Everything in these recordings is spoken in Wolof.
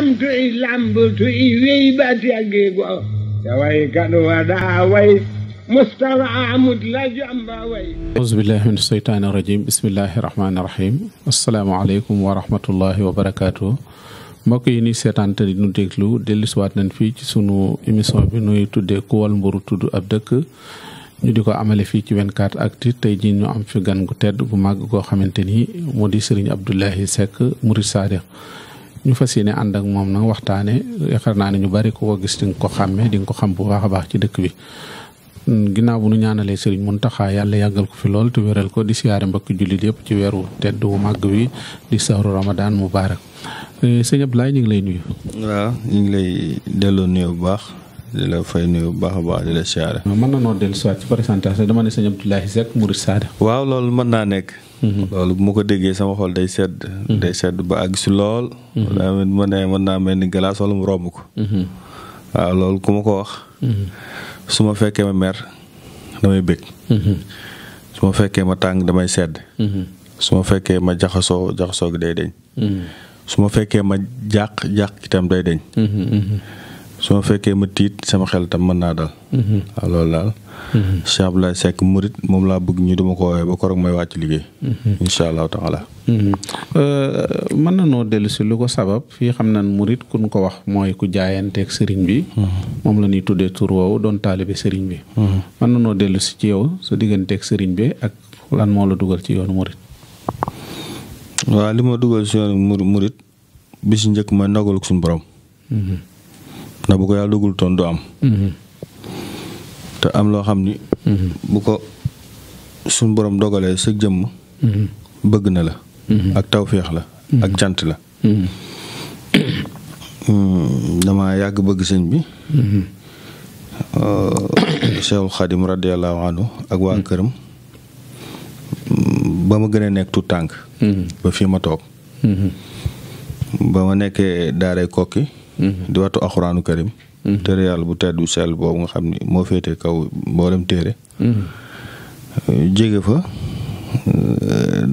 lamto e lamboto e weybati agge go taway kaɗo waɗa way mustafa ahmad lajo way ausubillahi min seytani irajim bismillahi rahmani rahim assalaamu aleykum wa rahmatullahi wa mbokk yi ni seetaante di nu déglu dellusiwaat nañ fii ci sunu émission bi nuy tuddee ku mburu tudd ab dëkk ñu di ko amale fii ci 24 actu tey jii ñu am fi gan tedd bu màgg goo xamante ni moo di sëriñ Abdoulahi Seck Mouride Sadiq ñu fas yéene ànd ak moom nag waxtaane yaakaar naa ne ñu bari ku ko gis di nga ko xàmme di nga ko xam bu baax a baax ci dëkk bi mm, ginnaaw bu nu ñaanalee sëriñ Muntaxa yàlla yàggal ko fi lool te wéral ko di siyaare mbokki jullit yëpp ci weeru tedd wu màgg wi di sahru ramadan mubaarak eh, sëñ Abdoulaye ñu ngi lay nuyu. waaw ñu ngi lay delloo nuyu bu baax. li la fay nuyu bu baax baax di la siyaare. mën na noo dellu si waat ci présentation dama ne sëñ Abdoulaye Seck waaw loolu mën naa nekk. Mhm. loolu bu ma ko déggee sama xol day sedd. Mhm. day sedd ba àgg si lool. daa mhm. mën naa mel ni glace wala mu romb ko. waaw loolu ku ma ko wax. su ma fekkee ma mer damay bëgg. su ma fekkee ma tàng damay sedd. su ma fekkee ma jaxasoo jaxasoo gi day deñ. ma fekkee ma jàq jàq itam day deñ. su ma fekkee ma tiit sama xel tam mën naa dal. Mhm. waaw loolu daal. Mhm. Cheikh Abdoulaye Seck murit moom laa bëgg ñu duma ko woowee ba koroog may wàcc liggéey. Mhm. incha allahu taala. Euh, mën na noo dellu si lu ko sabab fii xam na nan murit kun ko wax mooy ku jaayanteeg sëriñ bi. moom la ñuy tuddee tur woowu doon taalibe sëriñ bi. mën na noo dellu si ci yow sa digganteek sëriñ bi ak lan moo la dugal ci yoonu murit. waaw li ma dugal si yoonu murit bi si njëkk ma ndogalu suñu borom. ndax bu ko yàlla dogul toon du am mm-hmm. te am loo xam ni mm-hmm. bu ko suñ borom dogalee sa jëmm mm-hmm. bëgg na la ak tawféex la ak cant la dama yàgg bëgg sëñ bi euh, Cheikhul Xadim radiyallahu anhu ak waa këram mm, ba ma gën a nekk tu tànk ba fii ma toog ba ma nekkee daaray kokki di wattu alxuraanu karim mm-hmm. téere yàlla bu tedd bu sell boobu nga xam ni moo féete kaw mboolem téere mm-hmm. jege fa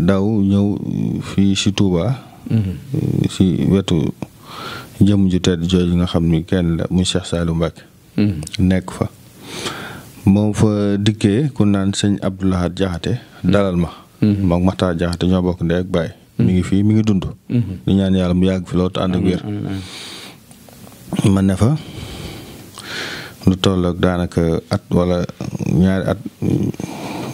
daw ñëw fii si Touba mm-hmm. si wetu jëm ju tedd jooju nga xam ni kenn la muy Cheikh Saliou Mbacke nekk fa moom fa dikkee ku naan sëñ Abdou Lahad Jaxate dalal ma moom Maxtaar Jaxate ñoo bokk ndey ak baay mi ngi fii mi ngi dund di ñaan yàlla mu yàgg fi ànd wér man ne fa lu tolloog daanaka at walla ñaari at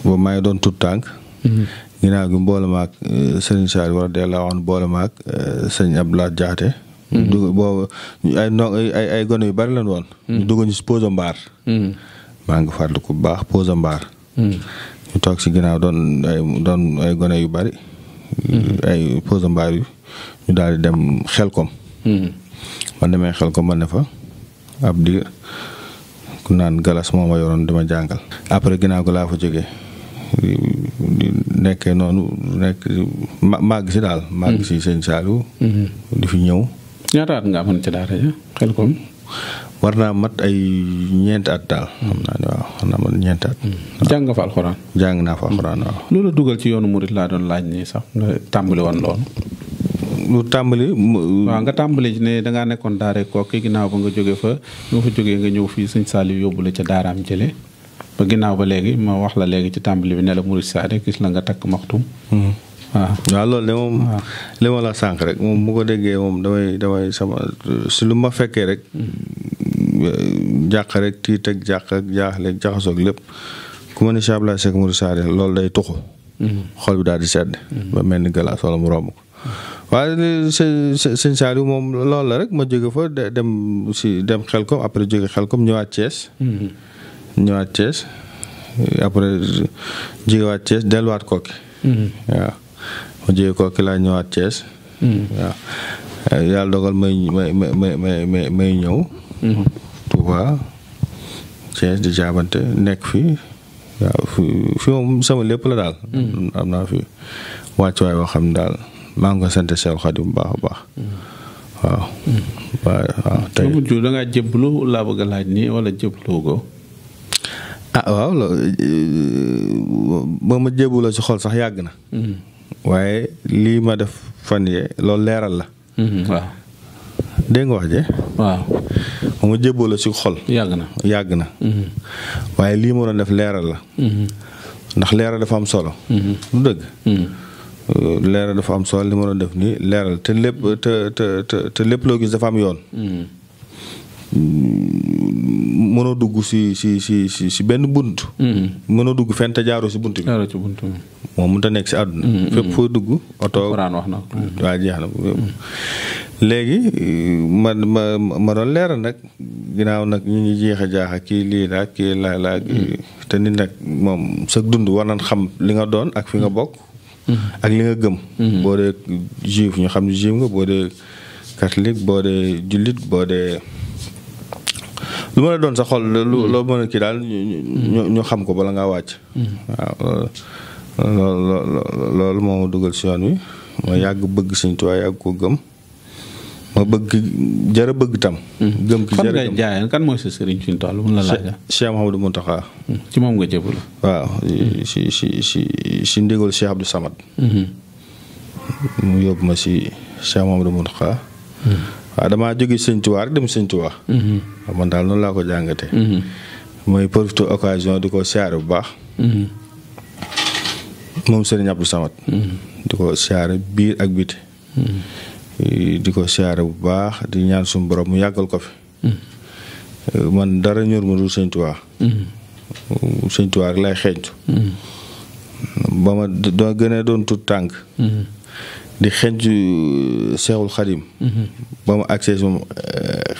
boobu maa ngi doon tut tànk mhm. ginnaaw gi mboole maag eh, sëriñ Saar war a delloo woon mboole maag eh, sëñ Abdoulaye Jaxate mhm. boobu ay gone yu bari la woon mhm. ñu dugg ñu si pose mbaar maa ngi farlu ku baax pose mbaar ñu toog si ginnaaw doon ay gone yu bari ay pose mbaar yu ñu daal di dem xel kom ma demee xel ko ma ne fa ab diir ku naan galas moo ma yoroon dama jàngal. après ginaaw ko laa fa jege nekkee noonu nekk ma màgg si daal. Hmm. màgg si sëñ Saliou. Hmm. di fi ñëw. ñaata at nga amoon ci daara ja xel war naa mat ay ñeenti at daal. Hmm. xam naa ne waaw xam naa man ñeenti jàng fa alxuraan. jàng naa fa alxuraan waaw. loolu dugal ci yoonu murit laa doon laaj nii sax nga tàmbali woon loolu. lu tàmbali. waaw nga tàmbali ne da ngaa nekkoon daare kooki ginnaaw ba nga jóge fa nga fa jógee nga ñëw fii sëñ Saliou yóbbu la ca daaraam jële ba ginnaaw ba léegi ma wax la léegi ci tàmbali bi ne la Mouride Saade gis la nga takk maxtum. Hmm. waaw waaw loolu de moom rek moom mu ko déggee moom damay damay sama si lu ma fekkee rek hmm. eh, jàq rek tiit ak jàq ak jaaxle ak lépp ku ma ni Cheikh Abdoulaye loolu day tuxu hmm. xol bi daal di sedd ba mel ni galaas wala mu romb ko waaw sëñ sëñ Saliou moom lool la rek ma jóge fa dem xel dem Xelkom après jóge Xelkom ñëwaat Thiès. Mhm. ñëwaat Thiès après jógewaat Thiès delluwaat Koki. Mhm. waaw ma jóge Koki laa ñëwaat Thiès. Mhm. waaw eh, yàlla dogal may may may ñëw. Touba Thiès di jaabante nekk fii. waaw fi moom sama lépp la daal. am naa fi wàccuwaay boo xam daal. maa ngi ko sant Seex Xaadim bu baax a baax. waaw. waaw tey soo mujj laa bëgg a laaj nii wala jébbaloo ko. Ah, eh, ba ma jébbaloo si xol sax yàgg na. Hmm. waaye lii ma def fan yee loolu leeral la. Hmm, waaw. dégg nga wax je. ba ma jébbaloo si xol. yàgg na yàgg na. Hmm. waaye lii ma def leeral la. ndax leeral dafa am solo. du dëgg. Euh, leeral dafa am sol li ma doon def nii leeral te lépp te lépp loo gis dafa am yoon. Mm. mënoo dugg si si si si si benn bunt. Mm. mënoo dugg fenn te jaaroo si bunt bi. jaaroo bunt moom mënut a nekk si àdduna. Mm, fépp foo dugg oto. Alxuraan wax na waa jeex na léegi ma ma ma doon leeral nag ginnaaw nag ñu ngi jeex a jaaxa kii lii la kii laa laa te nit nag moom sa dund war xam li nga doon ak fi nga bokk. ak li nga gëm. boo dee juif ñoo xam ne juif nga boo dee catholique boo dee jullit boo dee lu mën a doon sa xol lu loo mën a kii daal ñu xam ko bala ngaa wàcc. waaw loolu loolu moo dugal si yoon wi ma yàgg bëgg Sëñ Tuubaa yàgg ko gëm. ma bëgg jara bëgg tam. Hmm. gëm ki jara fan ngay jaayaan kan mooy sa sëriñ fi ñu mun la laajal. Cheikh Mouhamadou Mountakha. Hmm. ci moom waaw damaa jóge Sëñ Tuubaa rek dem Sëñ Tuubaa. Hmm. man daal noonu laa ko jàngatee. mooy profité occasion di ko siyaare bu baax. moom di ko siyaare biir ak biti. di ko siyaare bu baax di ñaan suñu borom mu yàggal ko fi mm-hmm. man dara ñor ma dul sëñ Tuubaa mm-hmm. lay xeeñtu mm-hmm. ba doo gën a doon tut tànk di xeeñtu uh, Seexul Xadim ba agsee moom uh,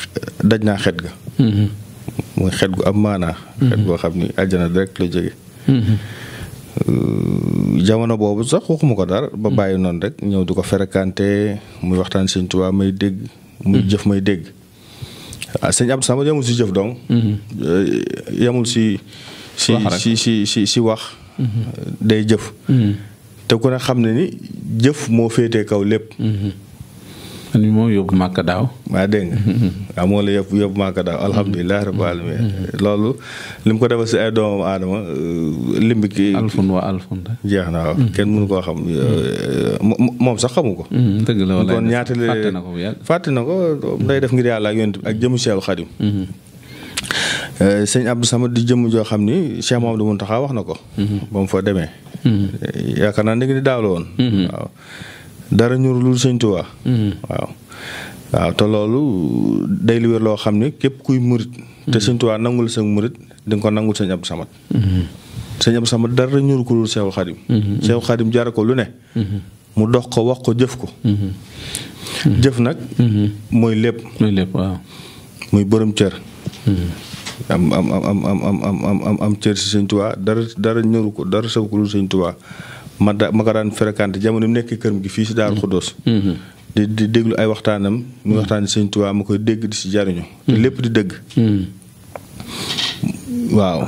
daj naa xet ga mooy xet gu am maanaa xet goo xam ni àjjana rek la jóge Euh, jamono boobu sax waxuma ko dara. ba bàyyi noonu rek ñëw du ko ferekante muy waxtaan sëñ Tuubaa may dégg. muy mm-hmm. jëf may dégg. ah sëñ Abdou Samad yamul si jëf dong. Mm-hmm. Euh, yamul si. si si si si wax. Mm-hmm. day jëf. te ku ne xam ne ni jëf moo féetee kaw lépp. man moom yóbbu màkk daaw. maa dégg nga. waaw mm-hmm. moo la yóbbu yóbbu màkk daaw mm-hmm. alhamdulilah rabbil mm-hmm. loolu lim ko defal si ay doomam aadama euh, lim bi kii. alfun waa alfun rek. jeex na waaw kenn mënu koo xam. Euh, moom sax xamu ko. dëgg la na ko bu na ko day def ngir yàlla ak yonent ak jëmu Seexul Xadim. Euh, sëñ Abdou Samad di jëmm joo xam ni Cheikh Mamadou Mountakha wax na ko. ba mu fa demee. yaakaar naa ni daaw la woon. dara ñor lu sëñ Tuubaa hmm. waaw waaw te loolu day lu wér loo xam ne képp kuy murit te hmm. sëñ Tuubaa nangul sëñ murit di ko nangul sëñ Abdou Samad hmm. sëñ Abdou Samad dara ñor ko lu Seexul Xadim Seexul jar ko lu ne mu dox ko wax ko jëf ko jëf nag mooy lépp mooy lépp waaw muy borom cër am am am am am am am am cër si sëñ dara dara ñoru ko dara saw ko lu sëñ ma da ma ko daan fréquenté jamono nekk këram gi fii si Daaru Xuddoos mm-hmm. di di déglu ay waxtaanam muy mm-hmm. waxtaan Sëñ Tuubaa ma koy dégg di si jariñu mm-hmm. te lépp di dëgg waaw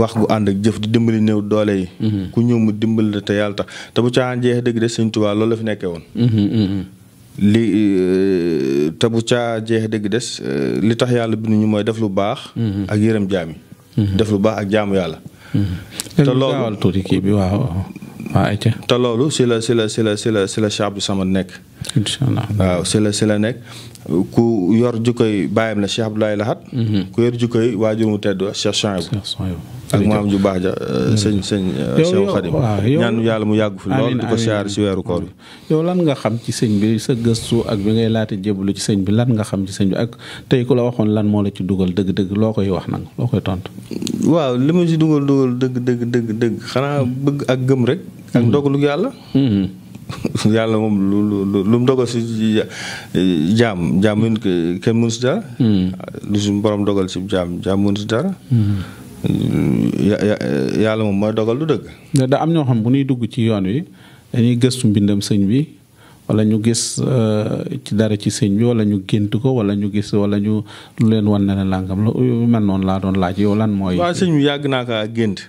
wax gu ànd ak jëf di dimbali néew doole yi ku ñëw mu dimbali la te yàlla tax te bu caaxaan jeex dëgg de Sëñ Tuubaa loolu la fi nekkee woon li euh, te bu caa jeex dëgg des euh, li tax yàlla bi ñu mooy def lu baax ak yërëm jaam yi def lu baax ak jaamu yàlla te loolu tuuti kii bi waaw waaw ayca te loolu si la si la si la si la si la Cheikh Abdou Samad nekk. incha allah waaw si la si la nekk ku yor jukkoy bàyyam la Cheikh Abdoulaye Lahat. Mhm. ku yor jukkoy waajur mu tedd Cheikh Chouaïb ak maam ju baax ja euh, sëñ sëñ euh, Cheikh Khadim ñaanu yàlla mu yàgg fi lool di ko siyaar si weeru koor bi yow lan nga xam ci sëñ bi sa gëstu ak bi ngay laata jébbalu ci sëñ bi lan nga xam ci sëñ bi ak tey ku la waxoon lan moo la ci dugal dëgg-dëgg loo koy wax nag loo koy tontu. waaw li ma si dugal dugal dëgg dëgg dëgg dëgg xanaa bëgg ak gëm rek ak ndogalu yàlla. Mm-hmm. yàlla moom lu lu mu dogal si jaam jaam mun kenn mun si dara. Mm-hmm. lu suñu borom dogal si jaam jaam si dara. Mm-hmm. yàlla moom mooy dogal lu dëkk da am ñoo xam bu ñuy dugg ci yoon wi dañuy gëstu mbindam sëñ bi wala ñu gis eh, ci dara ci sëñ bi wala ñu gént ko wala ñu gis wala ñu leen wan ne la làngam lu mel noonu laa doon laa yow lan mooy. waaw sëñ bi yàgg naa kaa gént.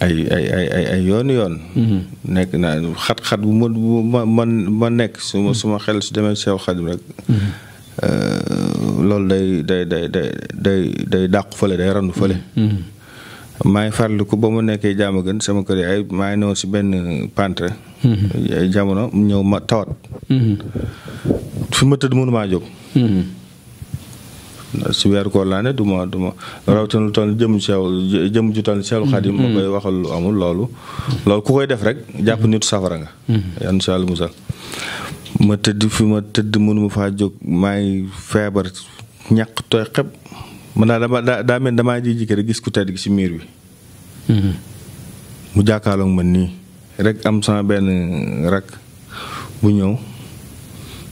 ay ay ay ay yoon yoon. Mhm. nekk naa xat-xat bu ma ma ma nekk suma mhm. ma xel su demee sew xadim rek. Mhm. Euh, loolu day day day day day day day randu fële. maa ngi farliku ba mu nekkee jaama gën sama kër yi ay maa ngi newoon si benn pantre. jamono ñëw ma tawat. fi ma tëdd mënu maa jóg. si weeru koor laa ne du ma du ma jëm sew jëm ju toll seelu xadim ma koy waxal lu amul loolu loolu ku koy def rek jàpp nitu safara nga mm-hmm. yan si yàlla musal ma tëdd fi ma jóg maay feebar ñàkk naa dama daa mel damaa ji gis ku tedd gi si miir bi mm-hmm. mu jàkkaarloog man nii rek am sama benn rak bu ñëw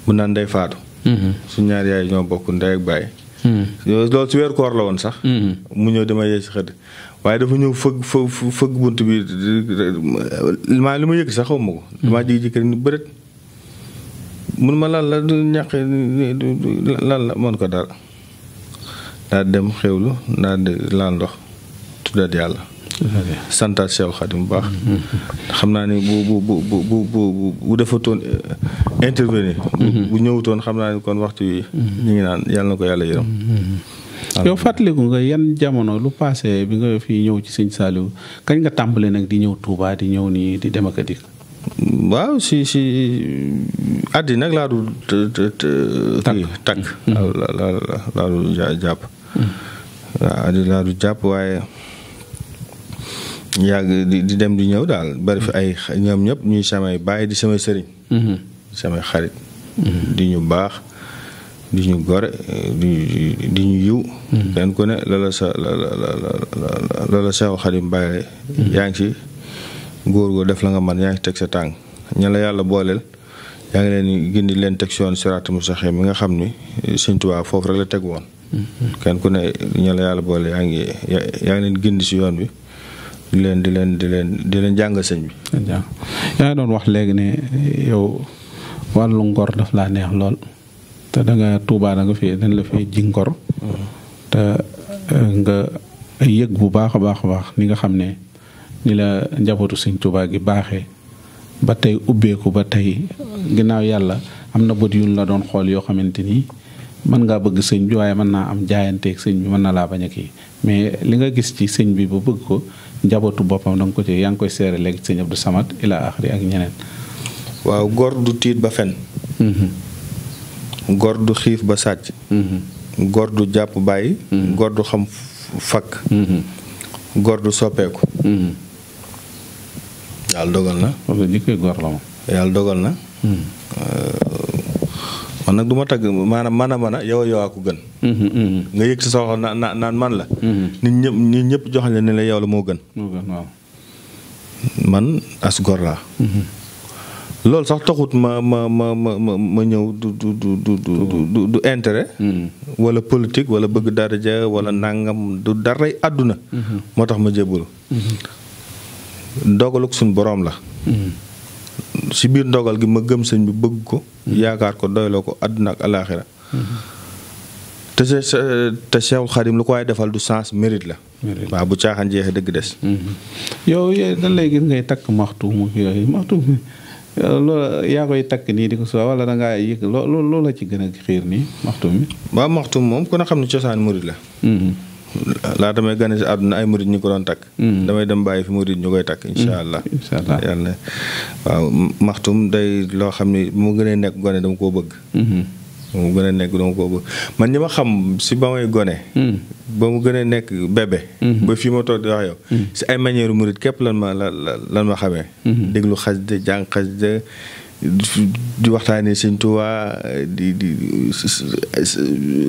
bu naan day faatu mm-hmm. su ñaar yaay ñoo bokk ndey ak baay Hmm. loolu ci weer koor la woon sax. Hmm. mu ñëw dama yee ci xëdd waaye dafa ñëw fëgg fëgg bunt bi maa li ma yëg sax xaw ma ko. Hmm. damaa jékki-jékki ni bëreet mun ma lan la du ñàq lan la mën ko dara daal dem xewlu daal di laal ndox tuddaat yàlla. santaat Seex Xaadim bu baax. xam naa ne bu bu bu bu bu bu bu euh, mhm. ñëwutoon xam naa ne kon waxtu wi. Mhm. ñu ngi naan yàlla na ko yàlla yërëm. Mhm. yow fàttaliku nga yan jamono lu paase bi nga fi ñëw ci sëñ Saliou kañ nga tàmbale nag di ñëw tuubaa di ñëw nii di dem ak dikk waaw si si addi nag laa du takk laa du jàpp waaye yàgg di dem di ñëw daal bari fi mm-hmm. ay ñoom ñëpp ñuy samay bàyyi di samay sëriñ. Mm-hmm. samay xarit. Mm-hmm. di ñu baax di ñu gore di ñu yiw. kenn ku ne lala sa lala lala Seexu Xadim bàyyi yaa ngi ci góor góor def la nga man yaa ngi teg sa tànk ña la yàlla booleel. yaa ngi leen gindi leen teg si yoon siraat mustaqiim mi nga xam ni Sëñ Tuubaa foofu rek la teg woon. ku ne ña yàlla boole yaa ngi yaa ngi leen gindi si yoon bi. di leen di leen di leen di leen jàngal sëñ bi. yaa ngi doon wax léegi ne yow wàllu ngor daf laa neex lool te da nga tuubaa da nga fi dañ la fi ji ngor. te eh, nga yëg bu baax a baax a baax ni nga xam ne ni la njabootu sëñ tuubaa gi baaxee ba tey ubbeeku ba tey ginnaaw yàlla am na bët yuñ la doon xool yoo xamante ni. mën ngaa bëgg sëñ bi waaye mën naa am jaayanteeg sëñ bi mën na laa bañ a kii mais li nga gis ci sëñ bi bu bëgg ko njabootu boppam da nga ko ci yaa ngi koy seere léegi sëñ Abdou Samad ilaa axri ak ñeneen. waaw góor du tiit ba fen mhm. góor du xiif ba sàcc. Mhm. góor du jàpp bàyyi. Mhm. góor du xam fakk. góor du soppeeku. yàlla dogal na. li koy yàlla dogal na. Euh, man nag du ma tagg maanaam man a man a yow yow a ko gën. Mhm, mhm. nga yëg si soxla na naan man la. Mhm. nit ñëpp nit ñëpp la ne la yow la moo gën. waaw man as laa. loolu sax taxut ma ma ma ma ma ñëw du du du du du wala politique wala bëgg daraja wala nangam du daray àdduna. moo tax ma jébbalu. dogaluk suñ boroom la. si biir ndogal gi ma gëm sëñ bi bëgg ko. yaakaar ko doyloo ko àdduna ak alaaxira te sa te Cheikh Xadim lu ko defal du sens merit la. waaw bu caaxaan jeexee dëgg des. Mm-hmm. yow dañ lay gis ngay takk maxtuum yooyu maxtuum loolu yaa koy takk nii di ko suba wala da ngaa yëg loo la ci gën a xiir nii maxtuum waa waaw moom kon ne xam ne cosaan murit la. Mm-hmm. laata may gane si àdduna ay murit ñu ko doon takk. Mm-hmm. damay dem bàyyi fi murit ñu koy takk. incha allah incha allah yàlla waaw maxtuum day loo xam ne mu gënee nekk gone dama koo bëgg. mu gën a nekk dama ko man ñi ma xam si ba may gone. Hmm. ba mu gën a nekk bébé. Hmm. ba fii ma toog di wax yow. Hmm. si ay manière murit képp lan ma la lan ma xamee. déglu xasida jàng di waxtaanee Sëñ Tuubaa di di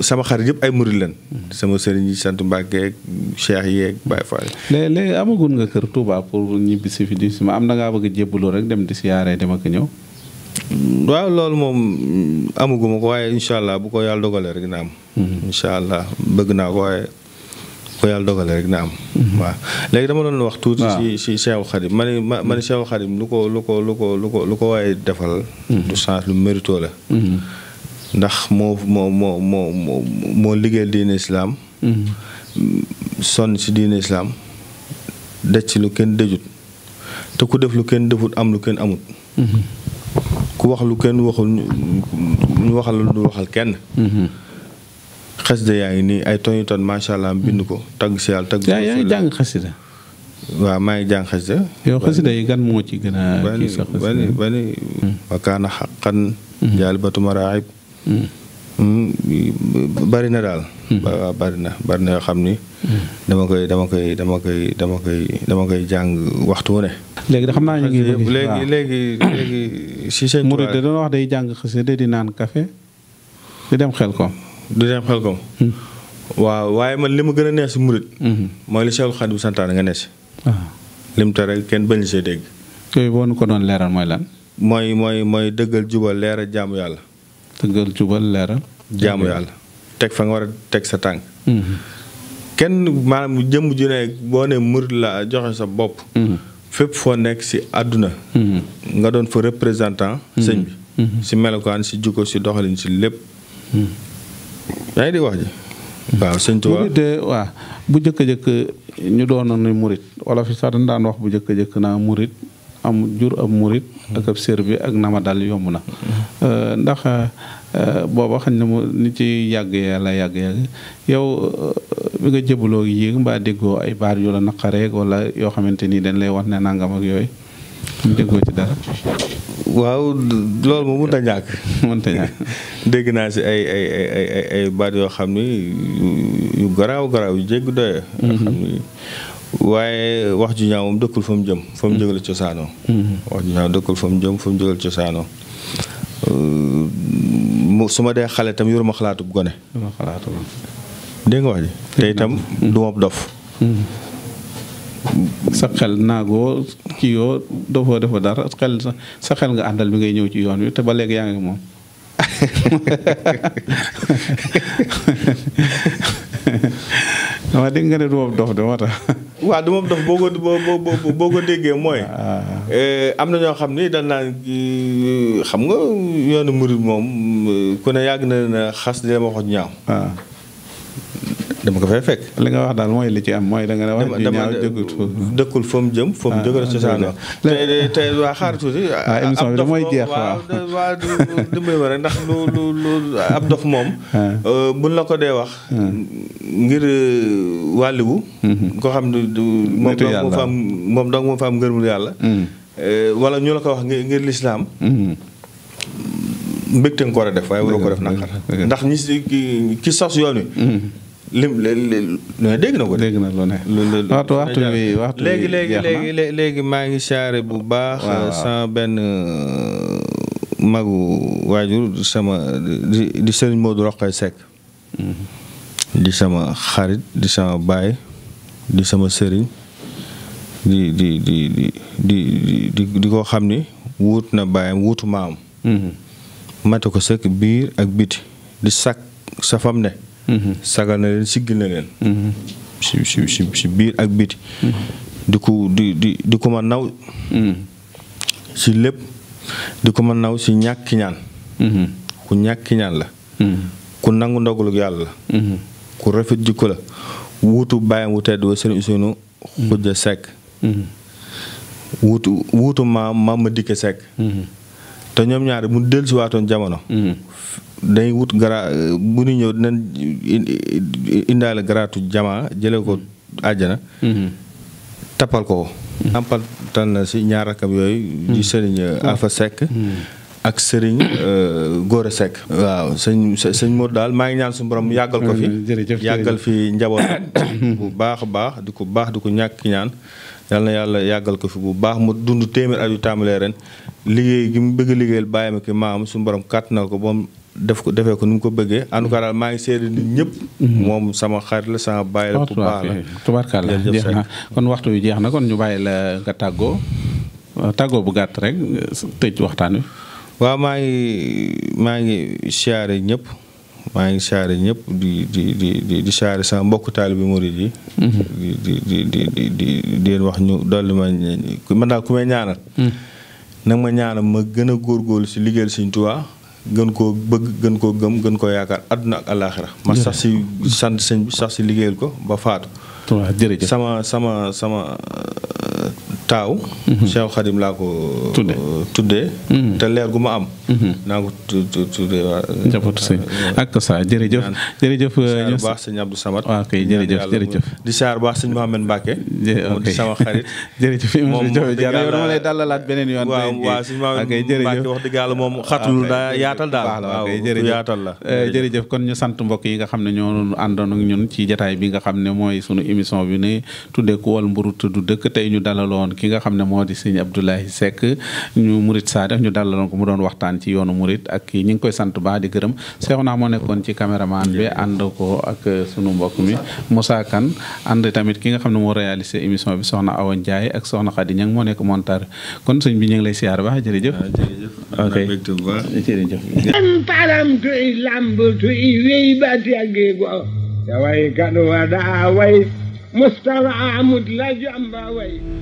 sama xarit yëpp ay murit lan sama sëriñ yi sant Mbàkke yeeg Cheikh yeeg Baye Fall. léeg-léeg amagul nga kër Touba pour ñibbi si fi di si ma am na ngaa bëgg a jébbalu rek dem di siyaaree dem ak ñëw. waaw loolu moom amaguma ko waaye incha allah bu ko yàlla dogalee rek na am. Mm-hmm. incha allah bëgg naa ko waaye bu ko yàlla dogalee rek na am. Mm-hmm. waaw léegi dama doon wax tuuti. ci si sew Khadim ma ne ma ne Cheikh Khadim lu ko lu ko lu ko lu ko lu ko waaye defal. Mm-hmm. du lu mérito la. moo moo moo moo moo liggéeyal diine islaam. sonn lu kenn dëjut te kenn defut am lu kenn amut. ku wax lu kenn waxul ñu waxal lu dul waxal kenn. Mm-hmm. xasida yaa ngi nii ay ton yu ton macha allah bind ko tagg si yàlla tagg. yaa ngi jàng xasida. waaw maa ngi jàng xasida. yow xasida yi gan moo ci gën a. kii xaqan. Mm. Mm-hmm. jaalibatu maraayib. Mm. Mm, bari na daal. waaw bari yoo xam ni. dama koy dama koy dama koy dama koy dama koy jàng waxtu wu ne. léegi da xam naa ñu ngi léegi léegi si seen. murid de doon wax day jàng xasida di naan café di dem xel koom. di xel koom. Hmm. waaw waaye man li ma gën a neex si murid. Hmm. mooy li bi Xaadim santaane nga neex si. Ah. lim te rek kenn bañ see dégg. yooyu boo nu ko doon leeral mooy lan. mooy mooy mooy dëggal jubal leeral jaamu yàlla. dëggal jubal leeral. jaamu yàlla teg fa nga war a teg sa tànk. Hmm. kenn maanaam jëmm ju ne boo ne murit la joxe sa bopp. Mhm. fépp foo nekk si àdduna. Mhm. nga doon fa représentant. Mhm. sëñ bi si melokaan si jikko si doxalin si lépp. yaa ngi di wax ji. waaw sëñ Tuubaa waaw bu jëkk jëkk ñu doonoon ne murid wala fi sax daan wax bu jëkk jëkk naa murit am jur ab murit ak ab sér ak nama dal yomb na euh, ndax. Euh, booba xam ne mu ni ci yàgg yàlla yàgg yàgg yow euh, bi nga jëbaloo yéeg mbaa déggoo ay baat yoo la naqareeg walla yoo xamante nii dañ lay wax ne nangam ak yooyu mu déggoo ci dara. waaw loolu moom mënut a ñàkk. mënut dégg naa si ay ay yoo xam ni yu garaaw garaaw yu jégg doye. Mm-hmm. waaye wax ju ñaaw moom dëkkul fa mu jëm. fa mu mm-hmm. jógal cosaanoo. Mm-hmm. wax ju cosaanoo. Euh, mu su ma dee xale tam yoruma xalaatu gone. yoruma xalaatu dégg nga wax ji. te itam du ma dof. Hmm. sa xel naagoo kii yoo dofoo defoo dara xel sa xel nga àndal bi ngay ñëw ci yoon wi te ba léegi yaa ngi moom. dama dégg nga ne du ma dof de moo waaw du moom dof boo ko boo boo ko déggee mooy. Ah. Eh, am na ñoo xam ni dañ naan eh, xam nga yoonu murid moom eh, ku ne yàgg na ne xas di ma ko ñaaw. Ah. dama ko fay fekk. li nga wax daal mooy li ci am mooy da nga wax. dama dëkkul fa mu jëm. fa mu jóge ci saa na waa xaar tuuti. waaw ah, bi damay jeex waaw waaw dimbali ma ndax lu ab dof moom. Ah. Euh, buñ la ko dee wax. Ah. ngir euh, wàlliwu. Mhm. koo xam ne du. moom dong fa am moom dong moo am ngërmul yàlla. Mhm. Euh, wala ñu la ko wax ngir lislaam mhm. mbégte nga ko def waaye waroo ko def naqar ndax ñi si sos yoon wi lim dégg na ko dégg na lu ne. waxtu waxtu bi waxtu léegi léegi léegi léegi maa ngi saare bu baax. sama benn euh, magu waajur sama di di sëriñ Modou Roqay Seck. Mm-hmm. di sama xarit di sama baay di sama sëriñ di di di di di di ko xam ni wuut na baayam wuutu maam. Mm-hmm. mate ko sëkk biir ak biti di sakk sa fam ne. sagal na leen mhm. siggil na leen si si biir ak biti mhm. di ko di di ma naw mhm. si lépp di ko ma naw si ñàkki ñaan ku ñàkki ñaan la ku nangu ndogalu yàlla ku rafet jikko la wuutu bàyyam wu tedd wa sëriñ Ousseynou Khoudia Seck wuutu wuutu maam maam ma dikke Seck te ñoom ñaari mu dellusi waatoon jamono day wut gara bu ñu ñëw dinañ indaale garaatu jamaa jëlee ko àjjana. Mm-hmm. tappal ko. Mm-hmm. ampal tan na si ñaar rakam yooyu. di mm-hmm. sëriñ euh, afa sekk ak sëriñ góor euh, Gora Seck. waaw sëñ sëñ Modou daal maa ngi ñaan suñu borom yàggal ko fi. yàggal fi njaboot bu baax a baax di ko baax di ko ñàkk ñaan. yàlla yàlla yàggal ko fi bu baax mu dund téeméer at yu ren liggéey gi mu bëgg liggéeyal bàyyi ma ki maam suñu borom kàtt na ko ba def ko defee ko nu mu ko bëggee en tout cas daal maa ngi seede nit ñëpp. Mhm. moom sama xarit la sama bàyyi la. ku baax la tubaarkàlla jeex na kon waxtu wi jeex na kon ñu bàyyi la nga tàggoo tàggoo bu gàtt rek tëj waxtaan wi. waaw maa ngi maa ngi siyaare ñëpp. maa ngi siyaare ñëpp di di di di di siyaare sama mbokk taalibe murid yi. Mhm. di di di di di di di wax ñu dolli ma man daal ku may ñaanal. Mhm. nag ma ñaanal ma gën a góorgóorlu si liggéeyal Sëñ Tuubaa. gën koo bëgg gën koo gëm gën koo yaakaar àdduna ak àllaaxira ma sax si sant sëñ bi sax si liggéeyal ko ba faatu. jërëjëf sama sama sama taaw mhm. Cheikh Khadim laa ko tuddee mhm. te leer gu ma am mhm. naa ko tuddee waa njabootu sëñ ak sa jërëjëf jërëjëf ñu baax sëñ Abdou Samad waaw kay jërëjëf jërëjëf di saar baax sëñ Mouhamed Mbacke di sama xarit jërëjëf moom dama lay dalalaat beneen yoon waaw waaw sëñ Mouhamed Mbacke wax dëgg yàlla moom xatul daa yaatal daal waaw yaatal la eh, kon ñu sant mbokk yi nga xam ne ñoo àndoon ak ñun ci jataay bi nga xam ne mooy sunu émission bi ne tuddee ku wal mburu tudd dëkk tey ñu dalaloon ki nga xam ne moo di sëñ Abdoulaye sekk ñu Murit Saadef ñu dalaloon ko mu doon waxtaan ci yoonu Murit ak ñi ngi koy sant baax di gërëm seexu naa moo nekkoon ci caméraman bi ànd ko ak uh, sunu mbokk mi Moussa Kane ànd tamit ki nga xam ne moo réalisé émission bi soxna awoon Ndiaye ak soxna Khady Niang moo nekk montar kon sëñ bi ñu ngi lay siyaar baax jërëjëf ah, ok jërëjëf param tuy lamb tuy wey bati la jamba